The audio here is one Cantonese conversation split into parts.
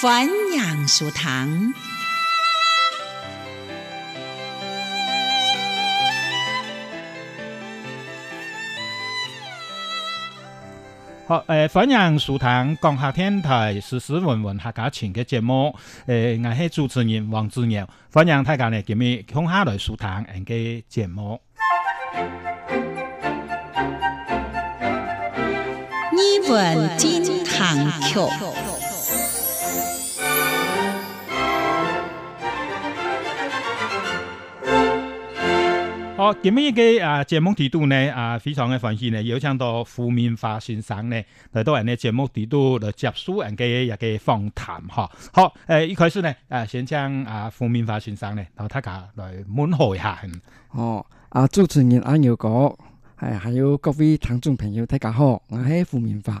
歡迎收聽。好，誒、呃，歡迎收聽《江夏天台時事文文》客家情嘅節目。誒、呃，我、呃、是、呃、主持人黃志耀，歡迎大家嚟聽我江夏來收聽我嘅節目。你問金堂橋。好，今日嘅節目導呢啊非常嘅歡喜呢，有請到胡明華先生呢嚟到我哋嘅節目導度嚟接受我哋嘅一個訪談哈。好，誒、呃，一開始呢，誒、啊、先請阿胡明華先生呢，同大家來問候一下。哦，阿主持人阿牛哥，係、哎、還有各位聽眾朋友大家好，我係胡明華。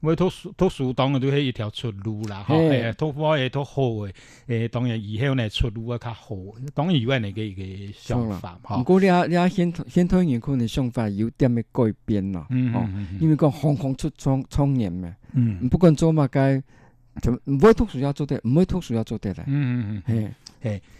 委託書，託書當然都係一條出路啦，誒，托我嘢，托好誒，誒，當然以後呢出路啊較好，當然有個一個想法，吓、啊。哦、不過你你啊，先先托人可能想法有點嘅改變咯。嗯，因為講行行出狀狀元嘛，嗯，不管做嘛，該就委託書要做啲，委託書要做啲啦，嗯嗯嗯、哦，係、嗯、係、嗯。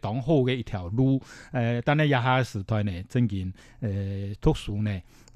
當好的一條路，誒、呃，但係一下時代咧，正經誒特殊咧。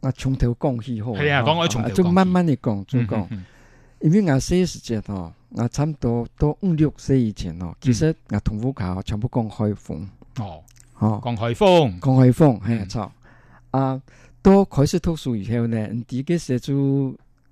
我從頭講起嗬，係啊，講開從頭講，就慢慢的講，就講，嗯，因為我細個時節嗬，我差唔多都五六歲以前嗬，其實我同屋企全部講海豐，哦哦，講海豐，講海豐，係啊錯，啊，到，嗯嗯嗯啊，開始讀書以後呢，自己寫住。